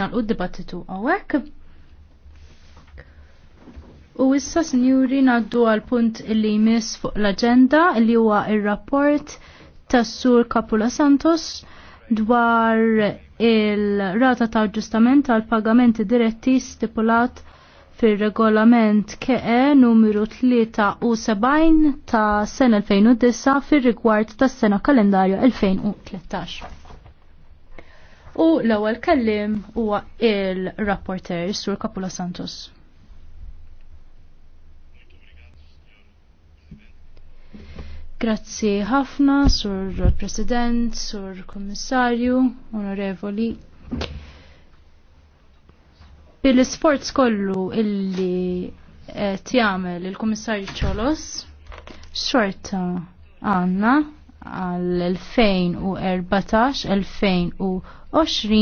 nalqu d-dibattitu għawek. U issa sinjuri naddu għal punt illi jmiss fuq l-agenda illi huwa il-rapport tas-sur Kapula Santos dwar il-rata ta' ġustament għal pagamenti diretti stipulat fil-regolament KE numru 73 ta' sena 2009 fil-rigward tas sena kalendarju 2013 u l-ewwel kellim huwa il-rapporter Sur Kapula Santos. Grazzi ħafna, Sur President, Sur Kommissarju, Onorevoli. Bil-sforz kollu illi tjamel il kommissarju ċolos xorta għanna għal 2014-2015 20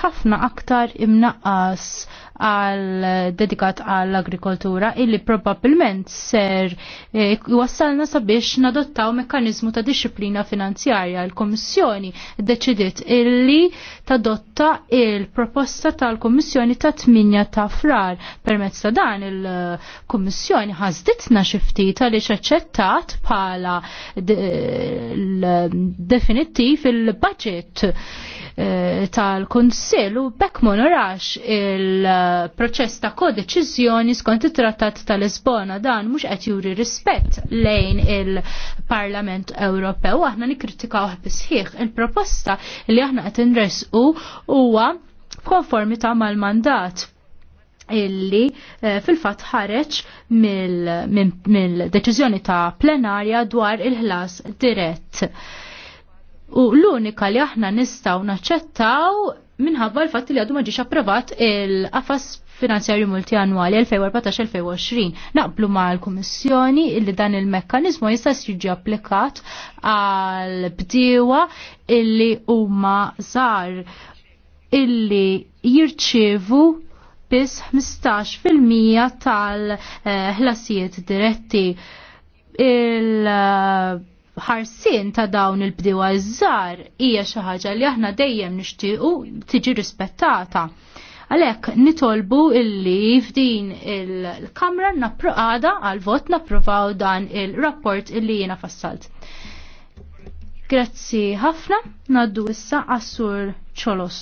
ħafna aktar imnaqqas għal dedikat għall agrikoltura illi probabbilment ser jwassalna eh, sabiex nadottaw mekkanizmu ta' disciplina finanzjarja. il komissjoni deċidiet illi tadotta il-proposta tal komissjoni ta' 8 ta' frar. Permezz ta' dan il-Kommissjoni ħazditna xiftit għaliex aċċettat pala eh, definittiv il-budget Eh, tal-Kunsill u bekk monorax il-proċess ta' kodeċiżjoni skont it-Trattat tal-Lisbona dan mhux qed juri rispett lejn il-Parlament Ewropew aħna nikkritikaw bisħieħ il-proposta li aħna qed inresqu huwa konformita mal-mandat illi eh, fil-fat ħareċ mill-deċizjoni ta' plenarja dwar il-ħlas dirett. U l-unika li aħna nistaw naċċettaw minħabba l-fatt li għadu maġiċ approvat il-qafas finanzjarju multianwali 2014-2020. Naqblu ma l-Kommissjoni illi dan il-mekkanizmu jista' jiġi applikat għal bdiewa illi huma żar illi jirċievu biss 15% tal-ħlasijiet diretti il- ħarsien ta' dawn il iż żgħar hija xi ħaġa li aħna dejjem nixtiequ tiġi rispettata. Għalhekk nitolbu illi f'din il-Kamra napproqada għal vot napprovaw dan il-rapport illi jiena fassalt. Grazzi ħafna, naddu issa għassur ċolos.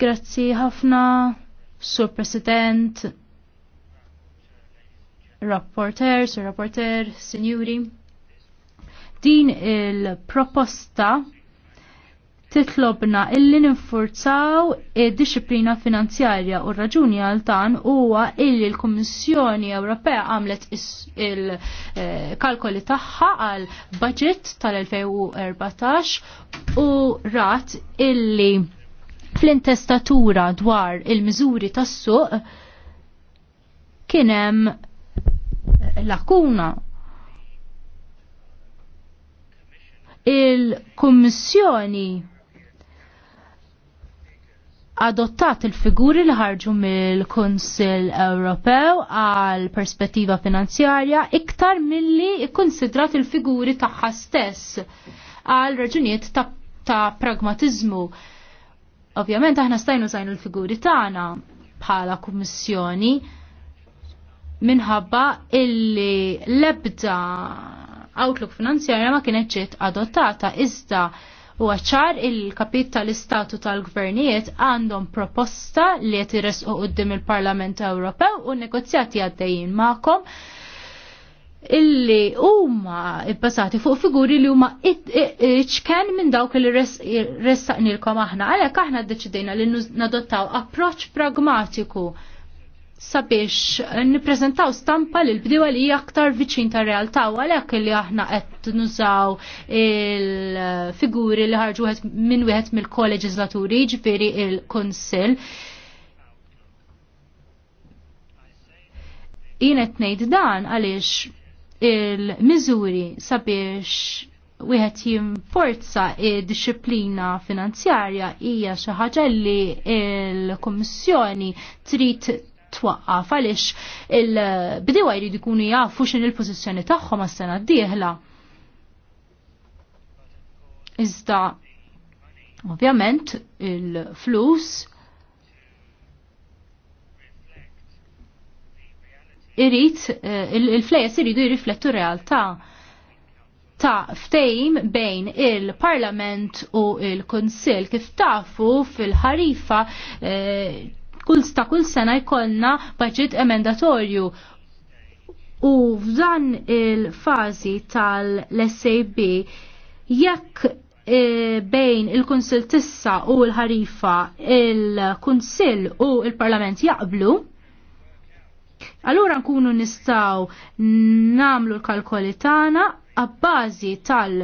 Grazzi ħafna, Sur President, rapporter, sur rapporter, sinjuri. Din il-proposta titlobna illi ninfurzaw id-disciplina finanzjarja u raġuni għal tan huwa illi l-Kummissjoni Ewropea għamlet il-kalkoli tagħha għal budget tal-2014 u rat illi fl-intestatura dwar il-miżuri tas-suq kien hemm lakuna il-Kummissjoni adottat il-figuri li ħarġu mill-Kunsill Ewropew għal perspettiva finanzjarja iktar milli ikkonsidrat il-figuri tagħha stess għal raġunijiet ta', ta pragmatizmu. Ovvjament aħna stajnu sajnu il figuri tagħna bħala kummissjoni minħabba illi lebda outlook finanzjarja ma kienet ġiet adottata iżda u ċar il-kapit tal-istatu tal-gvernijiet għandhom proposta li qed iresqu għoddim il-Parlament Ewropew u negozjati għaddejjin magħkom illi huma bbażati fuq figuri li huma iċken minn dawk li ressaqnilkom aħna. Għalhekk aħna ddeċidejna li nadottaw approċċ pragmatiku sabiex niprezentaw stampa li l-bdiwa li aktar viċin ta' realtà u għalhekk li aħna qed nużaw il-figuri li ħarġu minn wieħed mill kolleġislaturi ġifieri il-Kunsill. Jien qed ngħid dan għaliex il-miżuri sabiex wieħed jimforza id-disciplina finanzjarja hija xi ħaġa li l-Kummissjoni trid twaqqaf għaliex il-bdewa jridu jkunu jafu x'in il-pożizzjoni tagħhom għas-sena d-dieħla. Iżda ovvjament il-flus irrit eh, il-flejes iridu jirriflettu realtà ta' ftejm bejn il-Parlament u il-Konsil kif tafu fil-ħarifa eh, kull sta kull sena jkollna budget emendatorju. U f'dan il-fazi tal-SAB jekk E, bejn il-Kunsil tissa u l-ħarifa il-Kunsil u il-Parlament jaqblu, allura nkunu nistaw namlu l-kalkoli tagħna għabbażi tal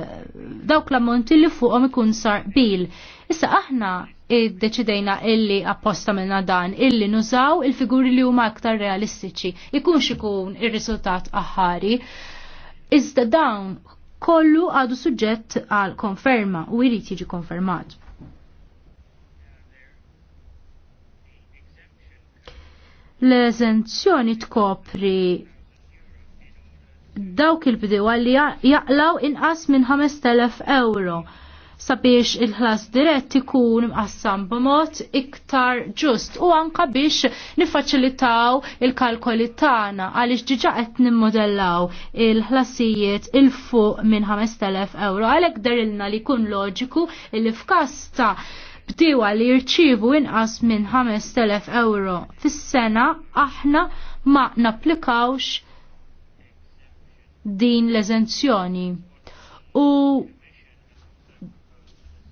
dawk l-ammonti li fuqhom ikun sar bil. Issa aħna id-deċidejna illi apposta minna dan, illi nużaw il-figuri li huma aktar realistiċi, ikun xikun il-risultat aħari. Iżda dawn kollu għadu suġġett għal konferma u jrid jiġi konfermat. L-eżenzjoni tkopri dawk il-bdewa li jaqlaw inqas minn 5,000 euro sabiex il-ħlas dirett ikun mqassam b'mod iktar ġust u anka biex nifaċilitaw il-kalkoli tagħna għaliex diġà qed nimmodellaw il-ħlasijiet il fuq minn 5000 euro għalhekk darilna li jkun loġiku li f'kasta btiwa li jirċievu inqas minn 5000 euro fis-sena aħna ma napplikawx din l-eżenzjoni. U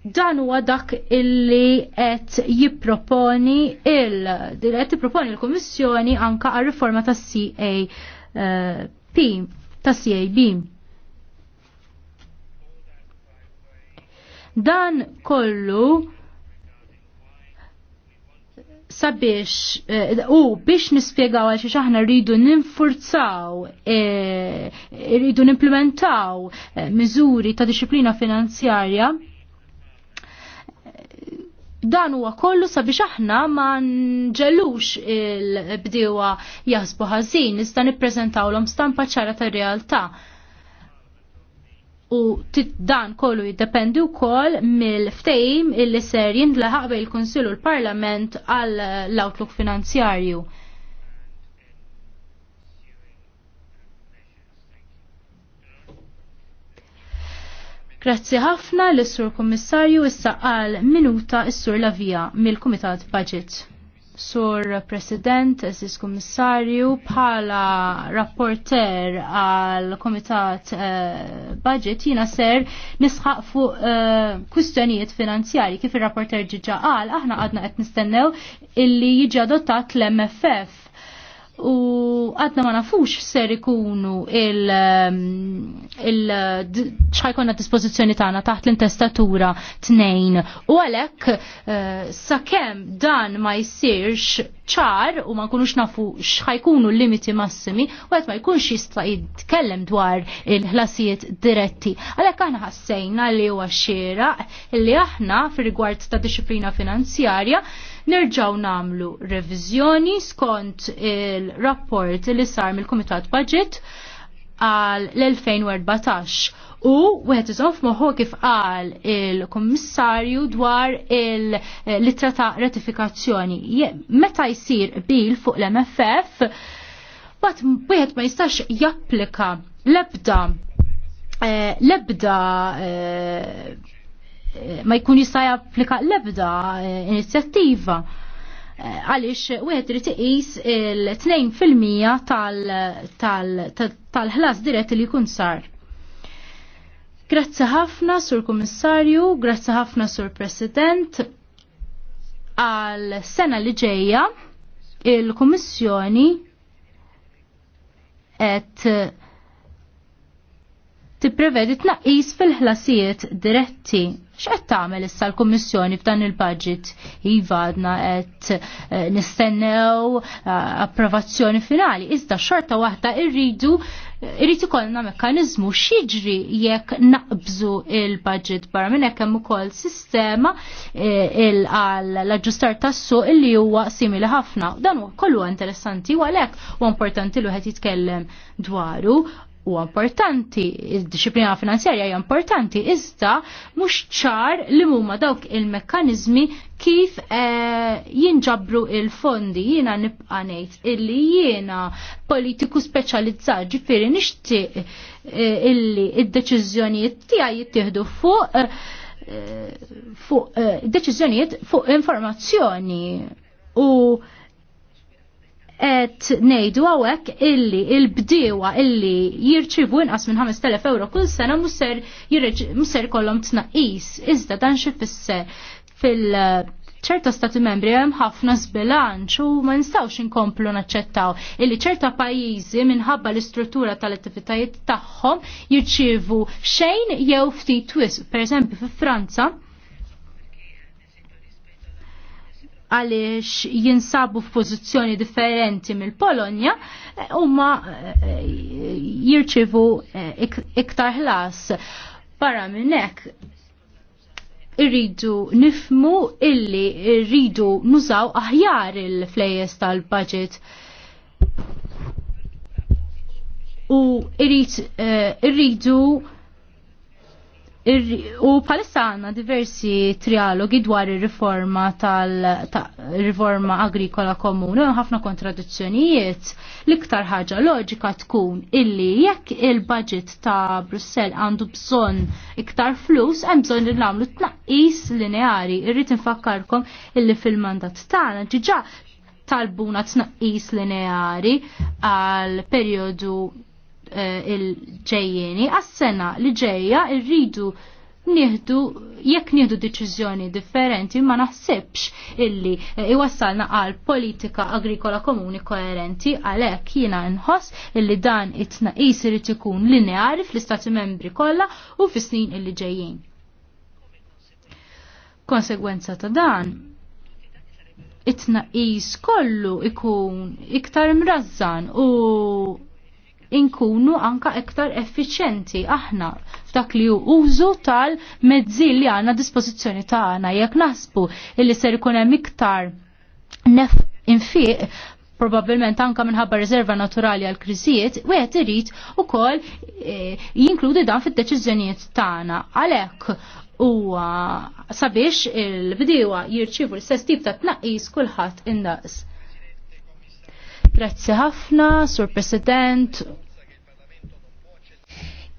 dan huwa dak illi qed jipproponi il qed jipproponi l-Kummissjoni anka għal riforma tas CAP eh, tas CAB. Dan kollu sabiex eh, u biex nispiegaw għal xiex aħna rridu ninfurzaw, eh, rridu nimplementaw miżuri ta' disciplina finanzjarja dan huwa kollu sabiex aħna ma nġellux il-bdiewa jaħsbu ħażin, iżda nippreżentawlhom stampa ċara tar-realtà. U dan kollu jiddependi wkoll mill ftejm illi ser jindlaħaq bejn il-Kunsill u l-Parlament għall outlook finanzjarju. Grazzi ħafna l sur Kommissarju issa għal minuta s-Sur Lavija mill-Kumitat Budget. Sur President, Assis Kommissarju, bħala rapporter għal Komitat uh, eh, Budget jina ser nisħaq fuq uh, eh, kustjonijiet finanzjari kif il-rapporter ġiġa għal, aħna għadna għet nistennew illi jiġi adottat l-MFF u għadna ma nafux ser ikunu il- um, il ċajkonna dispozizjoni tagħna taħt l-intestatura tnejn. U għalhekk uh, sakemm dan ma jsirx ċar u ma nkunux nafu xħajkunu l-limiti massimi u għet ma jkunx jista' jitkellem dwar il-ħlasijiet diretti. Għalhekk aħna ħassejna li huwa xieraq li aħna fir rigward ta' disciplina finanzjarja nerġaw namlu revizjoni skont il-rapport li sar mill-Kumitat Budget għal l-2014 u wieħed iżomm f'moħħu kif qal il-Kummissarju dwar il-litra ta' ratifikazzjoni. Meta jsir bil fuq l-MFF, bat wieħed ma jistax japplika l-ebda eh, l-ebda eh, ma jkun jista' japplika l-ebda eh, inizjattiva eh, għalix u għed iqis il-2% tal-ħlas dirett li jkun sar. Grazzi ħafna, Sur Komissarju, grazzi ħafna, Sur President, għal sena li ġeja il-Komissjoni et tipprevedi tnaqis fil-ħlasijiet diretti X'qed tagħmel issa l-Kummissjoni f'dan il-budget? jivadna għadna qed eh, nistennew eh, approvazzjoni finali, iżda xorta waħda irridu eh, irridu ikollna mekkaniżmu x'jiġri jekk naqbżu il-budget barra minn hekk hemm ukoll sistema għal l-aġġustar tas-suq illi huwa simili ħafna. Dan kollu interessanti u għalhekk u importanti li wieħed jitkellem dwaru u importanti, id-disciplina finanzjarja hija importanti, iżda mhux ċar li huma dawk il-mekkaniżmi kif eh, jinġabru il-fondi jiena nibqa' ngħid illi jiena politiku speċjalizzat ġifieri nixtieq eh, illi id-deċiżjonijiet tiegħi jittieħdu fuq eh, fuq deċiżjonijiet fuq informazzjoni u et nejdu għawek illi il-bdiewa illi jirċivu inqas minn 5.000 euro kull sena musser, musser kollom tnaqis. Iżda dan xifisser fil- ċerta stati membri hemm ħafna sbilanċ u ma nistgħux inkomplu naċċettaw illi ċerta pajjiżi minħabba l-istruttura tal-attivitajiet tagħhom jirċievu xejn jew ftit wisq. Pereżempju fi Franza għaliex jinsabu f'pożizzjoni differenti mill-Polonja eh, huma eh, jirċivu eh, iktar ħlas. Barra minn hekk irridu nifmu illi irridu nużaw aħjar il flejjes tal-budget u irridu U palissa għanna diversi trialogi dwar il-riforma tal-riforma ta agrikola komuni u ħafna kontradizzjonijiet. L-iktar ħaġa loġika tkun illi jekk il-budget ta' Brussel għandu bżon iktar flus, hemm bżon li nagħmlu tnaqqis lineari. Irrid infakkarkom illi fil-mandat tagħna ġiġa talbuna tnaqqis lineari għal periodu Eh, il-ġejjeni, għas-sena li ġejja irridu nieħdu jekk nieħdu deċiżjoni differenti ma naħsibx illi eh, iwassalna għal politika agrikola komuni koerenti għalhekk jiena nħoss illi dan it-tnaqis irid ikun lineari fl-istati membri kollha u fis-snin illi ġejjin. Konsegwenza ta' dan it-tnaqis kollu ikun iktar mrażżan u inkunu anka iktar effiċenti aħna f'dak li użu tal-mezzi li għanna dispożizzjoni tagħna jekk naħsbu illi ser ikun hemm iktar nef infiq probabilment anka minħabba riserva naturali għal kriżijiet, u għet irrit u kol e, jinkludi dan fid deċiżjonijiet tagħna. Għalhekk huwa sabiex il-bdiewa jirċivu l-istess tip ta' tnaqqis kulħadd indaqs. Grazzi ħafna, Sur President.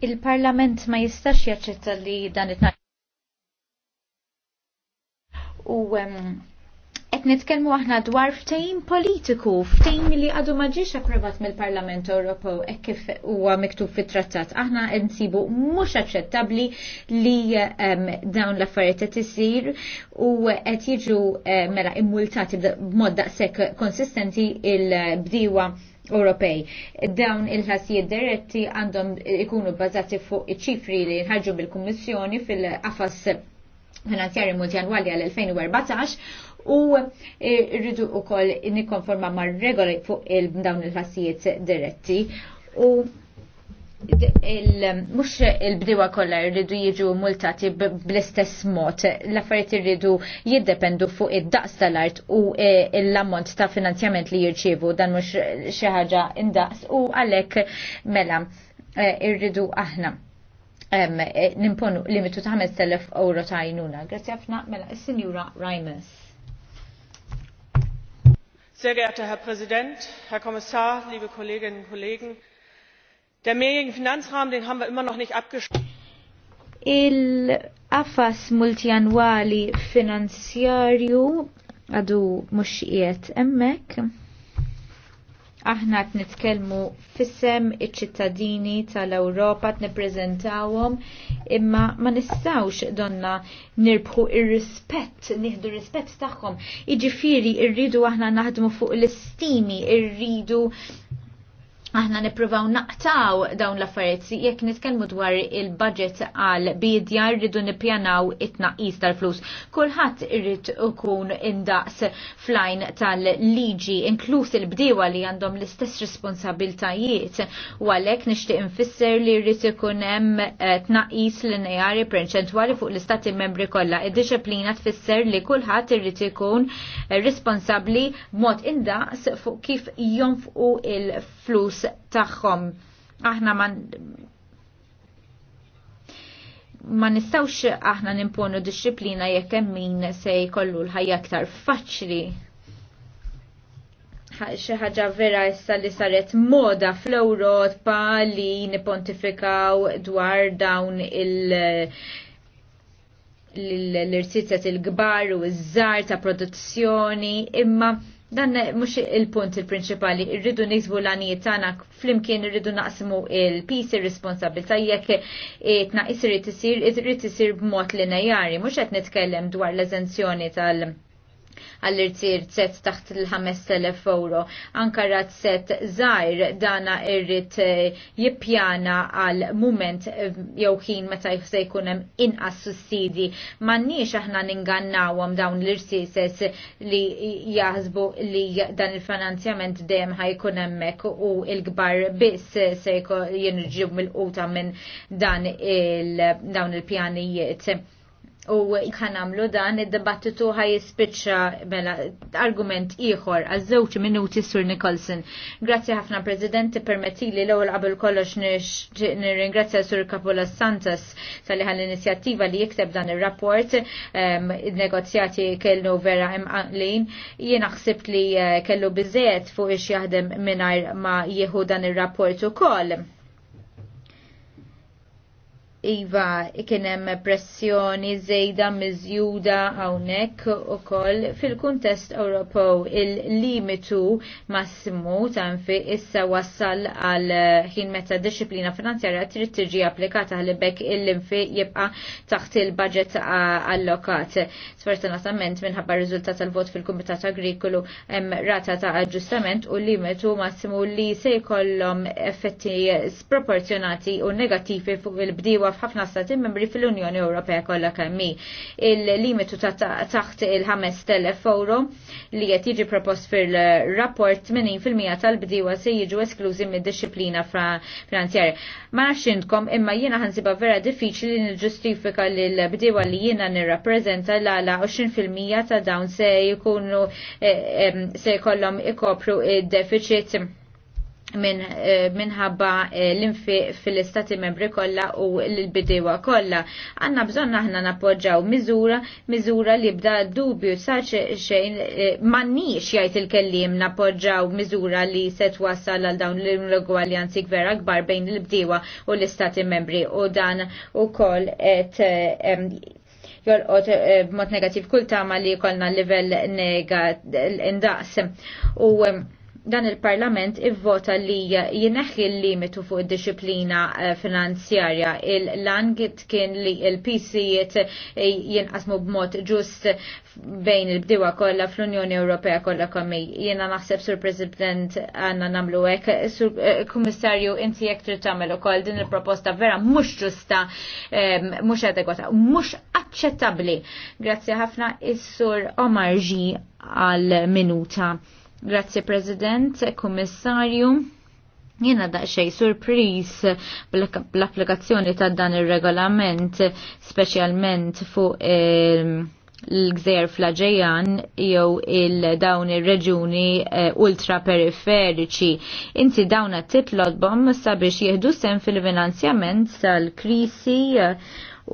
Il-Parlament ma jistax jaċċetta li dan it U um, qed nitkellmu aħna dwar ftehim politiku, ftehim li għadu ma ġiex approvat mill-Parlament Ewropew hekk kif huwa miktub fit-trattat. Aħna nsibu mhux aċċettabbli li ehm, dawn l-affarijiet qed isir u qed jiġu eh, mela immultati b'mod daqshekk konsistenti il-bdiewa Ewropej. Dawn il-ħasijiet diretti għandhom ikunu bbażati fuq iċ-ċifri li nħarġu bil-Kummissjoni fil-qafas finanzjari multjanwali għal-2014 u eh, rridu u koll nikonforma ma' regoli fuq il-dawn il-ħassijiet diretti u mux il-bdiwa kolla rridu jiġu multati bl-istess mod, l-affariet rridu jiddependu fuq id-daqs tal-art u eh, l-ammont ta' finanzjament li jirċivu dan mux xaħġa indaqs u għalek mela eh, irridu aħna nimponu limitu ta' 5.000 euro ta' jnuna. Grazie għafna, mela, il-Sinjura Rimes sehr geehrter herr präsident herr kommissar liebe kolleginnen und kollegen! der mehrjährige finanzrahmen den haben wir immer noch nicht abgeschlossen. il affas multianuali finanziario adu mhux emmek aħna qed nitkellmu fissem iċ-ċittadini tal-Ewropa t-neprezentawom imma ma nistawx donna nirbħu ir-rispett, nieħdu rispett tagħhom. Jiġifieri rridu aħna naħdmu fuq l-istimi, irridu aħna nipruvaw naqtaw dawn l-affarijiet jekk nitkellmu dwar il-budget għal bidja rridu nippjanaw it-tnaqqis tal-flus. Kulħadd irrid ikun indaqs flajn tal-liġi inklus il-bdiewa li għandhom l-istess responsabiltajiet u għalhekk nixtieq infisser li rrid ikun hemm eh, tnaqqis lineari perċentwali fuq l-istati membri kollha. id diċiplina tfisser li kulħadd irrid ikun responsabbli b'mod indaqs fuq kif jonfqu il-flus il tagħhom. Aħna man ma nistawx aħna nimponu disċiplina jekk hemm min se jkollu l-ħajja aktar faċli. Xi ħaġa vera issa li saret moda fl-Ewropa li nipontifikaw dwar dawn il- l-irsizet il-gbar u iż-żar ta' produzzjoni imma Dan mhux il-punt il-prinċipali, irridu niksbu l-għanijiet tagħna flimkien irridu naqsmu il-pis ir-responsabilità jekk tnaqis irid isir, irid isir b'mod lineari, mhux qed nitkellem dwar l-eżenzjoni tal- għall-irtir set taħt il-5000 euro. Anka rat set zaħir dana irrit eh, jippjana għal moment eh, jew ħin meta se jkunem inqas sussidi. Mannix aħna ningannawhom dawn l-irsises li jaħsbu li dan il-finanzjament dejjem ħajkun hemmhekk u l-kbar biss se jinġib mill-quta minn dan il-dawn il-pjanijiet u kan għamlu dan id debattitu ħaj jispiċċa mela argument ieħor għaż żewġ minuti sur Nicholson. Grazzi ħafna Presidenti permetti li l-ewwel qabel kollox nirringrazzja sur Kapola Santos tal l-inizjattiva li jikteb dan ir-rapport id-negozjati kellu vera imqanlin. Jiena ħsibt li eh, kellu biżejjed fuq ix jaħdem mingħajr ma jieħu dan ir-rapport ukoll Iva, ikenem pressjoni zejda mizjuda għawnek u koll fil-kuntest Ewropew il-limitu massimu tanfi issa wassal għal ħin meta disciplina finanzjarja trid tiġi applikata għal bekk il-linfi jibqa taħt il-budget allokat. Sfortunatament minħabba riżultat tal-vot fil-Kumitat Agrikolu hemm rata ta' aġġustament u limitu massimu li se jkollhom effetti sproporzjonati u negattivi fuq il-bdiewa f'ħafna stati membri fil-Unjoni Ewropea kollha kemm Il-limitu ta' taħt il-5000 euro li qed jiġi propost fil-rapport 80% tal-bdiewa se jiġu esklużi mid-disciplina finanzjarja. Ma nafx intkom imma jiena ħansiba vera diffiċli li niġġustifika lil bdiewa li jiena nirrappreżenta l-għala 20% ta' dawn se jkunu eh, se jkollhom ikopru id-deficit Eh, minħabba eh, l-infi fil-istati membri kolla u l-bidewa kolla. Għanna bżonna ħna napoġġaw miżura, miżura li bda dubju saċ xejn eh, mannix jajt il-kellim napoġġaw miżura li set wasal għal dawn l-ingwaljanzi gvera gbar bejn l-bidewa u l-istati membri u dan u koll et jolqot b'mod negativ kull tama li kolna livell indaqs. U dan il-Parlament ivvota li jineħħi l-limitu fuq id-disciplina eh, finanzjarja. Il-lan kien li l-PCiet eh, jinqasmu b'mod ġust bejn il-bdiwa kollha fl-Unjoni Ewropea kollha kommi. Jiena naħseb sur President għanna nagħmlu hekk. Sur eh, Kummissarju inti jekk trid tagħmel ukoll din il-proposta vera mhux ġusta, mhux adegwata, mhux aċċettabbli. Grazzi ħafna is-sur Omar G għal minuta. Grazzi President, Kummissarju. Jena daqxej surpriz bl-applikazzjoni ta' dan il-regolament, specialment fuq ehm, l gżer fl jew il-dawn ir-reġuni eh, ultra periferiċi. Inti dawna titlodbom sabiex jieħdu sem fil-finanzjament tal-krisi eh,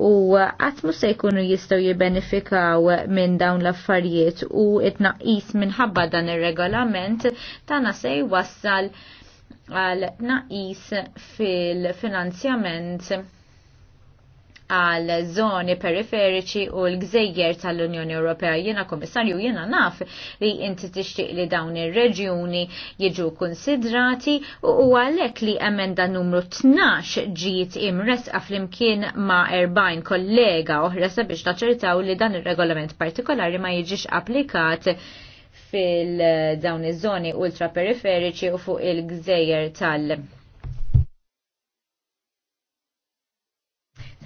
u għatmu se jkunu jistaw jibbenefikaw minn dawn l-affarijiet u itnaqis naqis minħabba dan il-regolament tana se jwassal għal naqis fil-finanzjament għal zoni periferiċi u l-gżejjer tal-Unjoni Ewropea. Jena komissarju jena naf li inti tixtieq li dawn ir-reġjuni jiġu konsidrati u għalhekk li emenda numru 12 ġiet imresqa flimkien ma' 40 kollega oħra sabiex taċertaw li dan ir-regolament partikolari ma jiġix applikat fil-dawn iż-żoni ultraperiferiċi u fuq il-gżejjer tal-Unjoni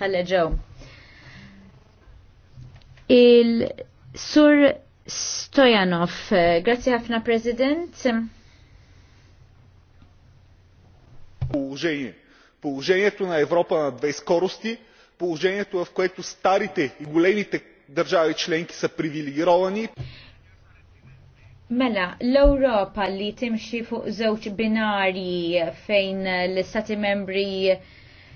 tal-leġew. Il-Sur Stojanov, grazie ħafna President. Положение. Положението на Европа на две скорости, tu, в което старите и големите държави členki са privilegirovani. Mela, l-Europa li timxi fuq żewġ binarji fejn l-Istati membri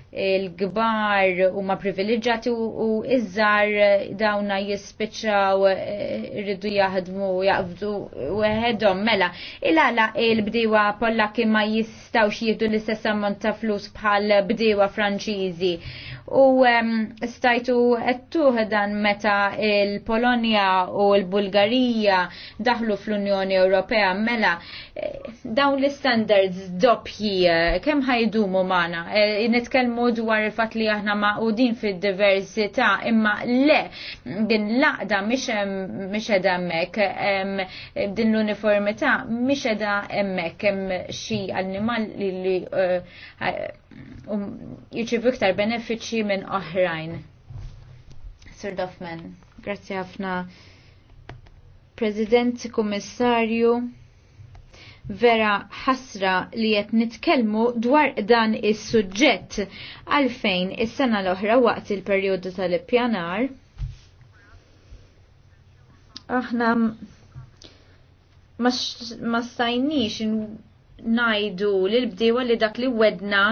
il-gbar u ma privileġġati u iżżar dawna jispiċċaw eh, rridu jaħdmu jaqbdu u għedhom mela. Il-għala il-bdiwa pollaki ma jistaw jihdu l-istess ammont ta' flus bħal bdiwa franċiżi. U stajtu għettuħ dan meta il polonia u l-Bulgarija daħlu fl-Unjoni Ewropea mela eh, dawn l-standards doppji eh, kemm ħajdumu mana nitkellmu dwar il-fatt li aħna maqudin fid-diversità imma le din laqda mhix edha hemmhekk din l-uniformità mhix edha hemmhekk hemm xi annimal li eh, um, jiġibu iktar benefiċċji minn oħrajn. Sir Duffman, grazzi ħafna. President, Kummissarju, vera ħasra li qed nitkellmu dwar dan is-suġġett għalfejn is-sena l-oħra waqt il-perjodu tal-ippjanar. Aħna ma stajniex najdu l bdiewa li dak li wedna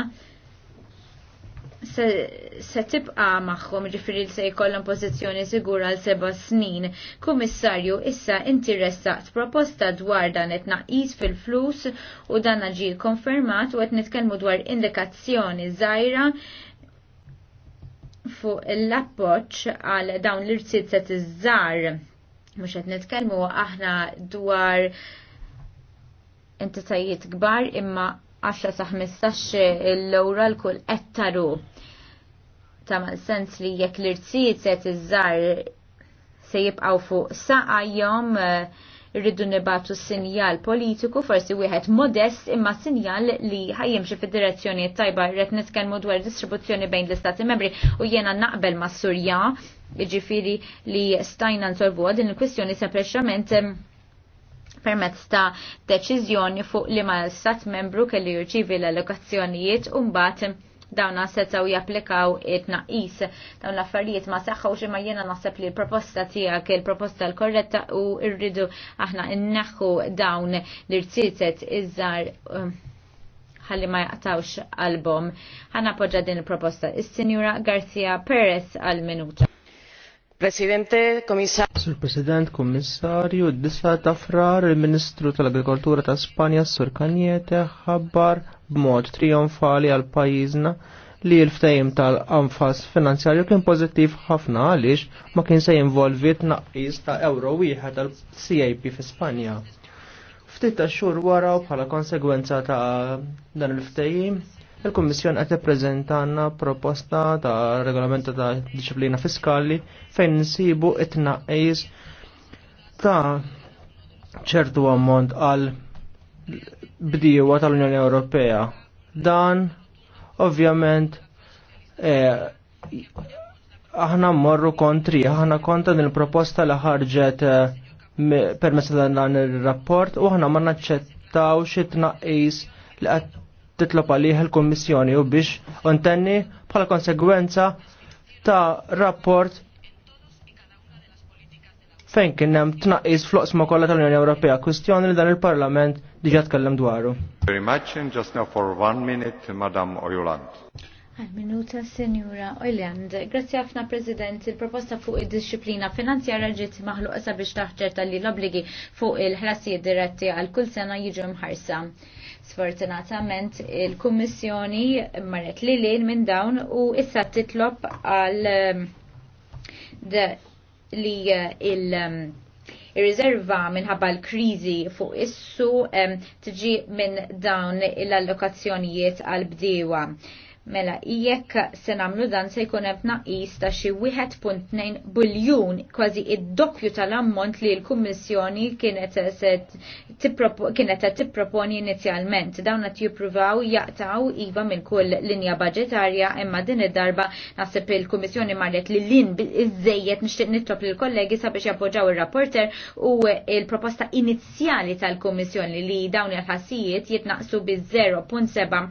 se tibqa magħhom ġifiri li se jkollhom pożizzjoni sigura għal seba' snin. Kummissarju, issa inti restaqt proposta dwar dan qed naqis fil-flus u dan ġi konfermat u qed nitkellmu dwar indikazzjoni żgħira fuq l-appoċ għal dawn l-irsid se tiżżar. Mhux qed nitkellmu aħna dwar entitajiet kbar imma 10 sa 15 l-ewra l-kull ettaru ta' sens li jekk l irtsijiet se tiżżar se jibqaw fuq saqa jom eh, rridu nibatu sinjal politiku, forsi wieħed modest imma sinjal li ħajjimxi fid-direzzjoni tajba rrid nitkellmu dwar distribuzzjoni bejn l-istati membri u jiena naqbel ma' Surja, jiġifieri li stajna nsolvu din il-kwistjoni sempliċement eh, permezz ta' deċiżjoni fuq li ma' stat membru kelli jirċivi l-allokazzjonijiet u mbagħad dawna setaw japplikaw it-naqis. Dawn l-affarijiet ma saħħa u ma jena naħseb li l-proposta tijak, l-proposta l-korretta u irridu aħna nneħħu dawn l-irtizet iżżar um, ħalli ma jaqtawx album. Ħana poġġa din il-proposta. Is-Sinjura Garcia Perez għal-minuta. Presidente, Komissar. Sur President, Komissarju, d-disa ta' frar, il-Ministru tal-Agrikoltura ta' Spanja, Sur Kanjete, ħabbar b'mod trionfali għal pajjiżna li l-ftajim tal-anfas finanzjarju kien pozittiv ħafna għaliex ma kien se jinvolvi tnaqqis ta' euro wieħed tal CIP fi Spanja. Ftit ta' xhur wara bħala konsegwenza ta' dan il ftajim il-Kummissjon qed tippreżentanna proposta ta' regolamenta ta' disciplina fiskali fejn nsibu it-tnaqqis ta' ċertu ammont għal bdiewa tal-Unjoni Ewropea. Dan, ovvjament, e, aħna morru kontri, aħna konta din il proposta li ħarġet e, permessa dan il-rapport u aħna ma naċċettaw xi tnaqqis li qed titlob għalih il-Kummissjoni u biex untenni bħala konsegwenza ta' rapport fejn kien hemm tnaqqis floqsma kollha tal-Unjoni Ewropea, kwistjoni li dan il-Parlament diġà tkellem dwaru. Very much and just now for one minute, Madam Oyuland. Għal-minuta, Senjura Ojland. Grazzi ħafna, President. Il-proposta fuq id-disciplina finanzjara ġiet maħluqa sabiex taħġer tal-li l-obligi fuq il-ħlasijiet diretti għal kull sena jiġu mħarsa. Sfortunatament, il-Kummissjoni marret li lejn minn dawn u issa titlob għal um, li eh, il- um, ir-riserva minħabba l-kriżi fuq issu tiġi minn dawn l-allokazzjonijiet għal-bdiewa. Mela, jekk se nagħmlu dan se jkun hemm tnaqqis ta' xi 1.2 biljun kważi id-doppju tal-ammont li l-Kummissjoni kienet se kienet qed tipproponi inizjalment. Dawn qed jippruvaw jaqtaw iva minn kull linja baġetarja, imma din id-darba naħseb il-Kummissjoni marret li lin iżejjed nixtieq nitlob lill kollegi sabiex jappoġġaw ir-rapporter u il-proposta inizjali tal-Kummissjoni li dawn il-ħassijiet jitnaqsu bi 0.7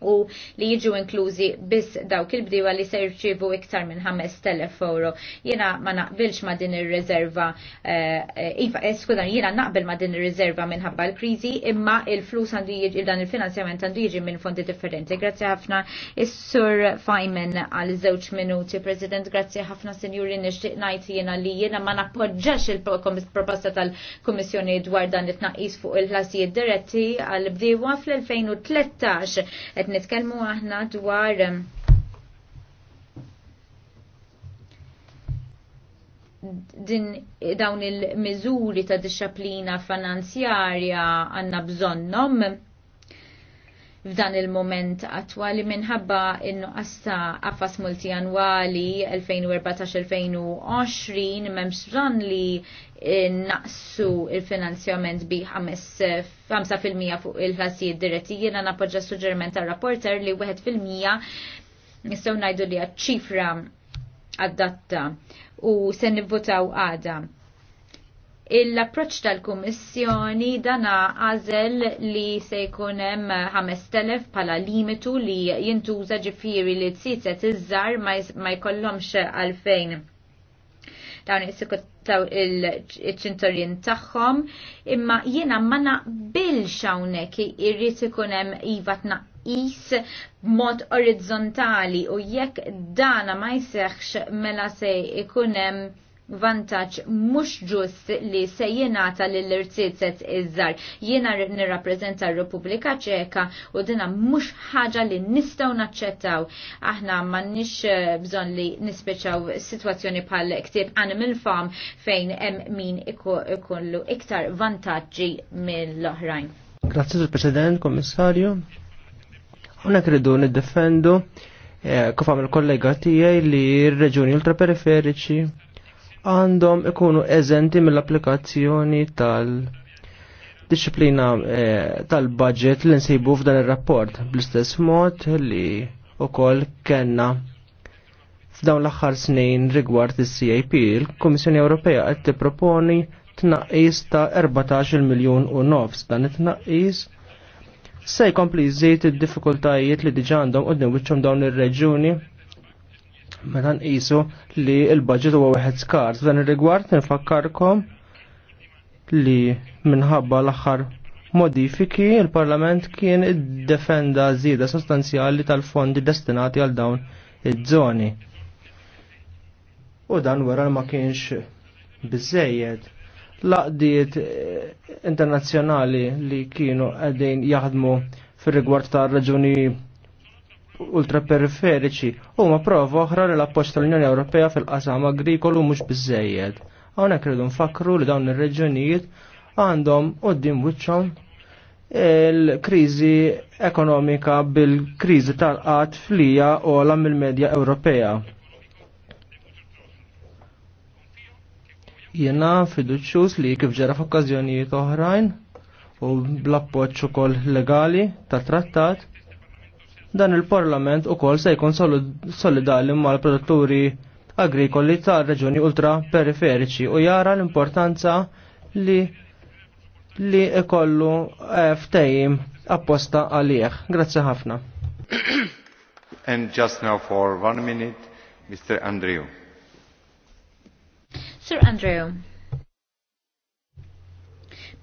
u li jiġu inklużi biss dawk il-bdiewa li se jirċivu iktar minn 5,000 euro. Jiena ma naqbilx ma din ir-riserva, eh, iva, eh, jiena naqbel ma din ir-riserva minħabba l-kriżi, imma il-flus għandu jiġi dan il-finanzjament għandu jiġi minn fondi differenti. Grazzi ħafna is-Sur Fajmen għal żewġ minuti, President, grazzi ħafna Sinjuri nixtieq ngħid jiena li jiena ma nappoġġax il-proposta tal-Kummissjoni dwar dan it-tnaqqis fuq il-ħlasijiet diretti għal bdiewa fl-2013 qed nitkellmu aħna dwar din dawn il-miżuri ta' disċaplina finanzjarja għandna bżonnhom f'dan il-moment attwali minħabba innu nuqqas ta' multi multianwali 2014-2020 memx bżonn li eh, naqsu il-finanzjament bi 5% fuq il ħasijiet diretti jiena napoġġa suġġerment tar-rapporter li 1% nistgħu ngħidu li ċifra adatta u se nivvotaw għada l-approċ tal-Kummissjoni dana għażel li se jkun hemm 5000 bħala limitu li jintuża ġifieri li tsitset t żar ma jkollhomx għalfejn dawn is-sikutaw il-ċinturin tagħhom, imma jiena ma naqbilx hawnhekk irrid ikun hemm iva tnaqqis mod orizzontali u jekk dana ma jseħħx mela se ikun hemm vantaġġ mhux ġust li se jingħata lil irtizet se żar Jiena nirrappreżenta r-Repubblika Ċeka u dina mhux ħaġa li nistgħu naċċettaw. Aħna m'għandniex eh, bżonn li nispiċċaw sitwazzjoni bħal ktieb Animal Farm fejn hemm min ikollu iktar vantaġġi mill-oħrajn. Grazzi sul President, Kommissarju. Unek ridu niddefendu eh, kif għamil kollega tiegħi li r-reġuni ultraperiferiċi għandhom ikunu eżenti mill-applikazzjoni tal-disciplina eh, tal-budget li nsibu f'dan ir-rapport bl-istess mod li wkoll kena f'dawn l-aħħar snin rigward is-CIP, il-Kummissjoni Ewropea qed tipproponi tnaqqis ta' 14 miljun u nofs dan it-tnaqqis se jkompli jżid id-diffikultajiet li diġà għandhom d wiċċhom dawn ir-reġuni meta nqisu li l-budget huwa wieħed skars. Dan ir-rigward nifakkarkom li minħabba l-aħħar modifiki il-Parlament kien iddefenda żieda sostanzjali tal-fondi destinati għal dawn iż-żoni. U dan wara ma kienx biżejjed laqdiet eh, internazzjonali li kienu għedin jaħdmu fil rigward tal raġuni ultraperiferiċi huma prova oħra li l-appoġġ tal-Unjoni Ewropea fil-qasam agrikolu mhux biżejjed. Hawnhekk kredu nfakru li dawn ir-reġjonijiet għandhom qudiem wiċċhom il-kriżi ekonomika bil-kriżi tal-qat flija ola mill-medja Ewropea. Jena fiduċjus li kif ġara f'okkażjonijiet oħrajn u bl-appoġġ ukoll legali tat trattat Dan il-Parlament ukoll se jkun solidali mal-produtturi agrikoli ta' reġuni ultra periferiċi u jara l-importanza li li ikollu eh, ftejim apposta għalih. Grazzi ħafna. And just now for one minute, Mr. Andrew. Sir Andrew.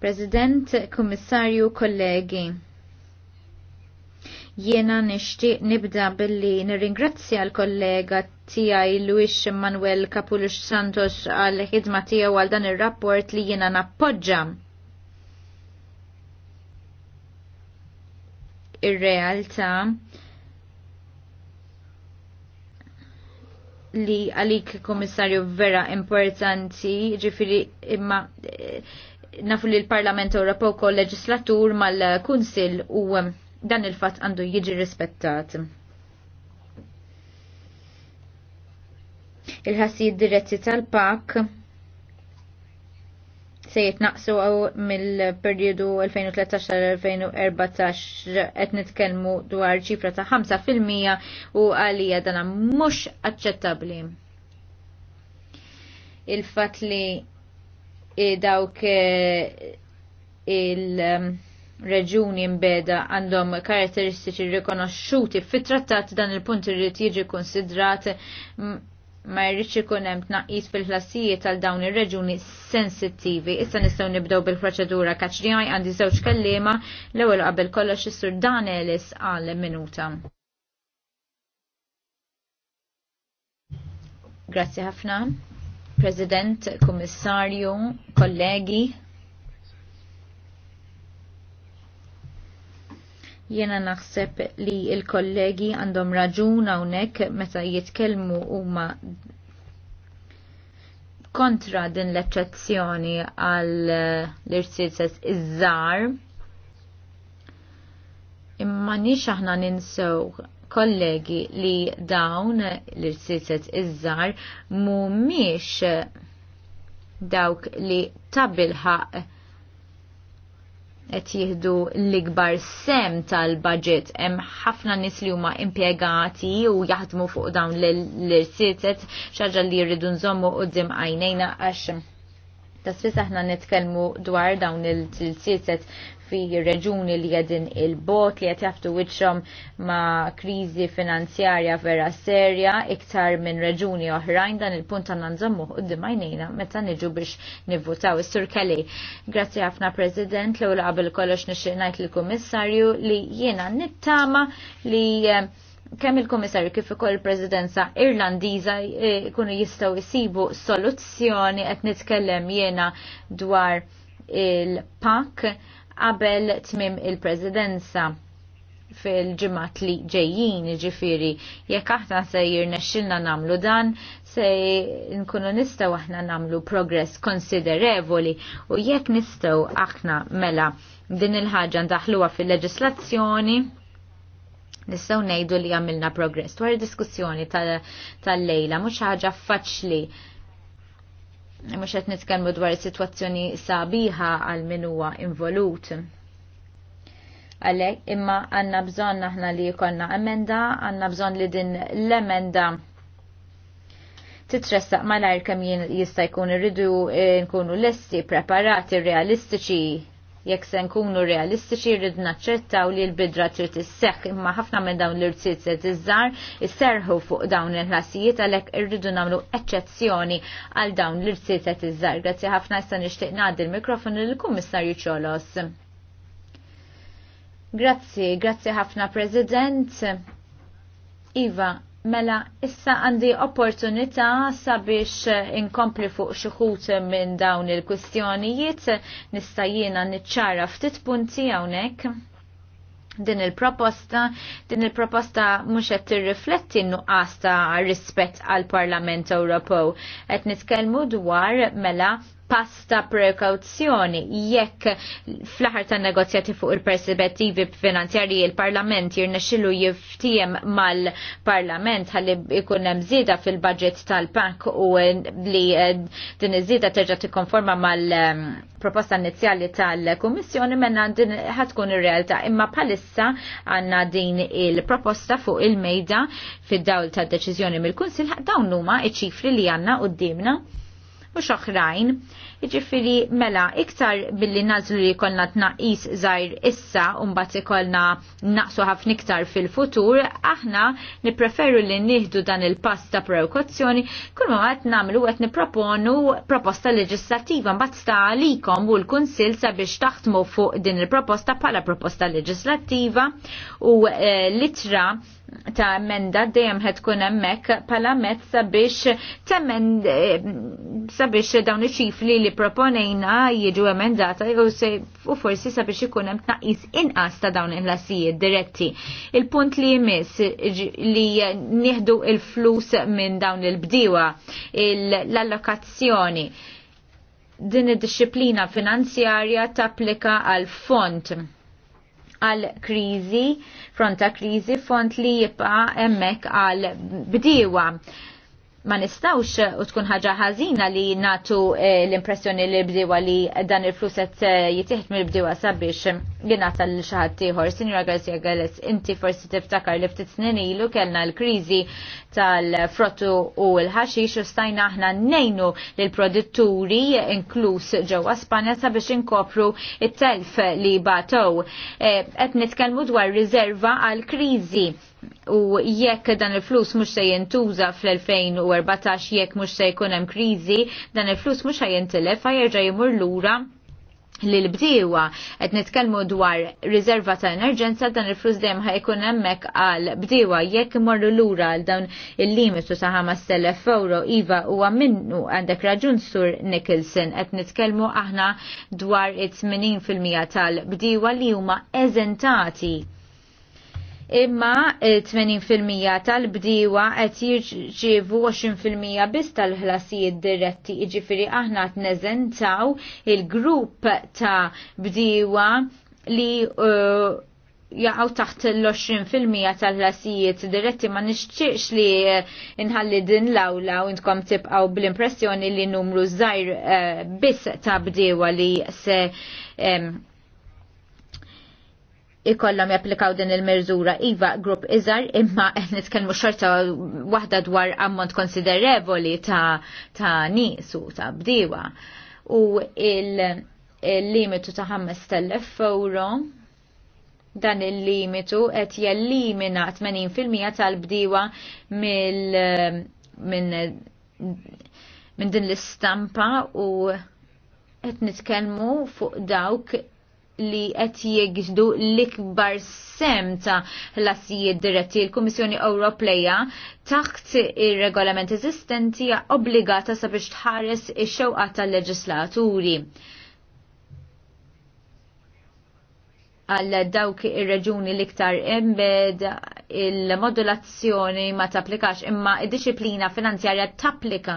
President, Commissario, kollegi. Jiena nixtieq nibda billi nirringrazzja l-kollega tiegħi Luis Manuel Capulux Santos għal ħidma tiegħu għal dan ir-rapport li jiena nappoġġa. Ir-realtà li għalik komissarju vera importanti, ġifiri imma eh, nafu li l-Parlament Ewropew kol leġislatur mal-Kunsil u dan il-fatt għandu jiġi rispettat. Il-ħassijiet diretti tal-pak se jitnaqsu mill-periodu 2013-2014 qed nitkellmu dwar ċifra ta' 5% u għalija dana mhux aċċettabbli. Il-fatt li eh, dawk eh, il- reġuni mbeda għandhom karatteristiċi rikonoxxuti fit-trattat dan il-punt irrid jiġi konsidrat ma jridx ikun hemm tnaqqis fil-ħlasijiet għal dawn ir-reġuni sensittivi. Issa nistgħu nibdew bil-proċedura kaċrijaj għandi żewġ kelliema l-ewwel qabel kollox is-Sur Dan Ellis għal minuta. Grazzi ħafna. President, Kummissarju, kollegi, Jena naħseb li il-kollegi għandhom raġun hawnhekk meta jitkellmu huma kontra din l-eċċezzjoni għal l-irsiset iż-żar. Imma nix aħna ninsew kollegi li dawn l-irsiset iż-żar mumiex dawk li tabilħaq qed jieħdu l-ikbar sem tal-budget hemm ħafna nies li huma impjegati u jaħdmu fuq dawn l-irsitet xaġa li jridu nżommu qudiem għajnejna għax ta' spiss aħna nitkellmu dwar dawn il-tilsietet fi reġuni li għedin il-bot li għetjaftu jaftu wiċċom ma' krizi finanzjarja vera serja iktar minn reġuni oħrajn dan il-punt għanna nżammu għoddim għajnejna meta niġu biex nivvutaw. Sur Kelly, grazzi ħafna President l qabel kollox nixinajt l-Komissarju li jiena nittama li eh, kemm il-Komissarju kif ukoll il-Presidenza Irlandiża jkunu eh, jistgħu jsibu soluzzjoni qed nitkellem jiena dwar il-PAK qabel tmim il-Presidenza fil-ġimat li ġejjin ġifiri jekk aħna se jirnexxilna namlu dan se nkunu nistgħu aħna namlu progress konsiderevoli u jekk nistgħu aħna mela din il-ħaġa ndaħluha fil-leġislazzjoni nistgħu ngħidu li għamilna progress dwar id-diskussjoni tal-lejla mhux ħaġa faċli mux għet nitkelmu dwar situazzjoni sabiħa għal minuwa involut. Għalek, imma għanna bżon naħna li jkollna emenda, għanna bżon li din l-emenda titressaq malajr kem jista jkun irridu eh, nkunu lesti, preparati, realistiċi, jekk se nkunu realistiċi rrid naċċettaw li l-bidra trid isseħħ imma ħafna minn dawn l-irtiet se tiżżar isserħu fuq dawn il-ħasijiet għalhekk irridu nagħmlu eċċezzjoni għal dawn l-irtiet se tiżżar. Grazzi ħafna issa nixtieq ngħaddi l-mikrofon lill-Kummissarju Ċolos. Grazzi, grazzi ħafna President. Iva, Mela, issa għandi opportunità sabiex inkompli fuq xuħut minn dawn il-kwistjonijiet, nista' jiena niċċara ftit punti hawnhekk. Din il-proposta, din il-proposta mhux qed tirrifletti nuqqas ta' rispett għall Parlament Ewropew. Qed nitkellmu dwar mela pasta prekawzjoni jekk fl-aħar tan negozjati fuq il-perspettivi finanzjarji il-Parlament jirnexxilu jiftijem mal-Parlament ħalli ikun hemm żieda fil-budget tal-bank u li eh, din iż-żieda terġa' tikkonforma mal-proposta inizjali tal-Kummissjoni menna din ħatkun ir-realtà imma bħalissa għandna din il-proposta fuq il-mejda fid-dawl tad-deċiżjoni mill-Kunsil dawn huma iċ-ċifri li għandna qudiemna mhux oħrajn. Jiġifieri mela iktar billi nazlu li jkollna tnaqqis żgħir issa u mbagħad ikollna naqsu ħafna iktar fil-futur, aħna nippreferu li nieħdu dan il-pass ta' prekozzjoni kull ma qed nagħmlu qed nipproponu proposta leġislattiva mbagħad sta għalikom u l-Kunsill sabiex taħtmu fuq din il-proposta bħala proposta leġislattiva u eh, litra ta' emenda dejjem ħed tkun hemmhekk bħala mezz sabiex temmen eh, sabiex dawn iċifli li li proponejna jiġu emendata u, u forsi sabiex ikun hemm tnaqqis inqas ta' dawn il-lasijiet diretti. Il-punt li jmiss li nieħdu il-flus minn dawn il-bdiwa l-allokazzjoni din id-disciplina finanzjarja tapplika għal font għal krizi, fronta krizi, font li jibqa emmek għal bdiewa ma nistawx u tkun ħaġa ħażina li natu eh, l-impressjoni li bdiwa li dan il-flus qed eh, mill bdiewa sabiex jingħata l xi ħadd ieħor. Sinjura Garcia Gales, inti forsi tiftakar li ftit snin ilu kellna l-kriżi tal-frottu u l-ħaxix u stajna aħna nejnu l produtturi inkluż ġewwa Spanja sabiex inkopru it-telf li batow. Eh, qed nitkellmu dwar riserva għal kriżi u jekk dan il-flus mhux se jintuża fl-2014 jekk mhux se jkun hemm kriżi, dan il-flus mhux se jintilef jimur jmur lura li l-bdiewa qed nitkellmu dwar riserva ta' emerġenza dan il-flus dejjem ħajkun hemmhekk għal bdiewa jekk imorru lura għal dawn il-limitu ta' 5000 euro iva huwa minnu għandek raġun sur Nicholson qed nitkellmu aħna dwar it-80% tal-bdiewa li huma eżentati imma 80% tal bdiwa qed jirċievu 20% biss tal-ħlasijiet diretti. Jiġifieri aħna tneżentaw il-grupp ta' bdiewa li eh, jaqaw taħt l-20% tal ħlasijiet diretti ma nixtieqx li eh, inħalli din l-awla u intkom tibqaw bl-impressjoni li numru żgħir eh, biss ta' bdiewa li se ikollhom japplikaw din il-merżura iva grupp iżar imma qed nitkellmu xorta waħda dwar ammont konsiderevoli ta' ta' nisu ta' bdiewa. U il-limitu ta' 5000 euro dan il-limitu qed jellimina 80% tal-bdiewa mill minn min din l-istampa u qed nitkellmu fuq dawk li qed jigżdu l-ikbar sem ta' l-assijiet diretti l-Kummissjoni Ewropea taħt ir-regolament eżistenti hija obbligata sabiex tħares ix-xewqa tal-leġislaturi. għal dawk ir-reġuni l-iktar imbed il-modulazzjoni ma tapplikax imma id-disciplina finanzjarja tapplika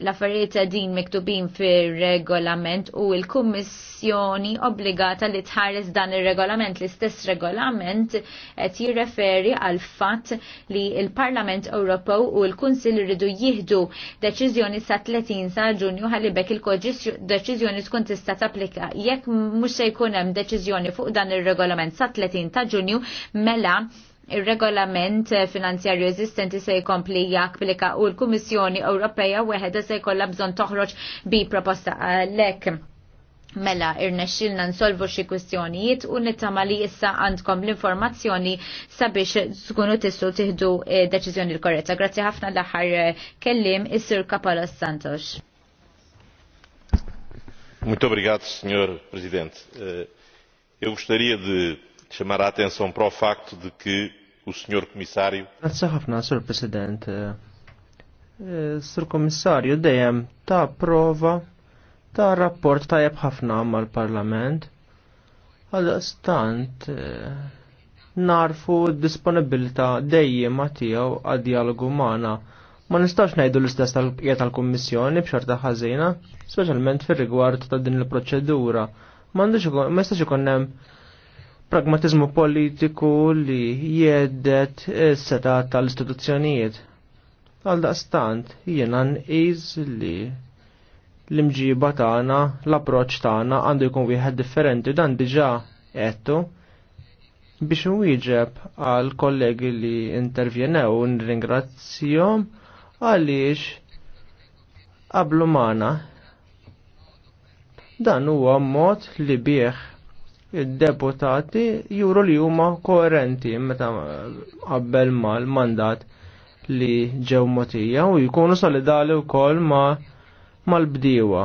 l-affarijiet din miktubin fir-regolament u l-Kummissjoni obbligata li tħares dan ir-regolament. L-istess regolament qed jirreferi għal fatt li l-Parlament Ewropew u l-Kunsill irridu jieħdu deċiżjoni sa 30 sa Ġunju ħalibek il-deċiżjoni tkun tista' tapplika. Jekk mhux se jkun hemm deċiżjoni fuq dan ir-regolament sa 30 ta' Ġunju mela Il-regolament finanzjarju eżistenti se jkompli japplika u l-Kummissjoni Ewropea weħeda se jkollha bżonn toħroġ bi proposta għalhekk. Mela, irnexxilna nsolvu xi kwistjonijiet u nittama li issa għandkom l-informazzjoni sabiex tkunu tissu tieħdu eh, deċiżjoni l-korretta. Grazzi ħafna l-aħħar eh, kellim is-Sir Kapalos Santos. Muito obrigado, Sr. Presidente. Eh, eu gostaria de chamar a atenção para o facto de que u Sr. Komissarju. Grazzi ħafna, Sur President. Eh, eh, Sur Komissarju, dejjem ta' prova ta' rapport tajjeb ħafna mal-Parlament. Għal-stant, eh, narfu disponibilta dejjem tiegħu għad-dialogu magħna. Ma nistax ngħidu l-istess tal-bqija tal-Kummissjoni b'xorta ħażina, speċjalment fir-rigward ta' din il-proċedura. Ma nistax ikun hemm pragmatizmu politiku li jeddet is-seta tal-istituzzjonijiet. Għal daqstant jiena li l-imġiba tagħna, l-approċċ tagħna għandu jkun wieħed differenti dan diġà qedtu biex nwieġeb għal kollegi li intervjenew nringrazzjom għaliex qablu magħna. Dan huwa mod li bieħ il-deputati juru li huma koerenti meta qabel mal-mandat li ġew motija u jkunu solidali wkoll ma mal-bdiewa.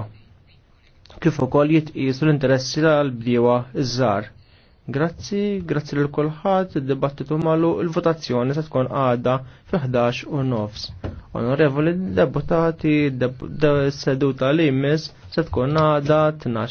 Kif ukoll jitqisu l-interessi tal-bdiewa iż-żar. Grazzi, grazzi lil kulħadd, id-dibattitu malu il-votazzjoni se tkun għadha fi 11 u nofs. Onorevoli deputati, seduta li jmiss se tkun għadha 12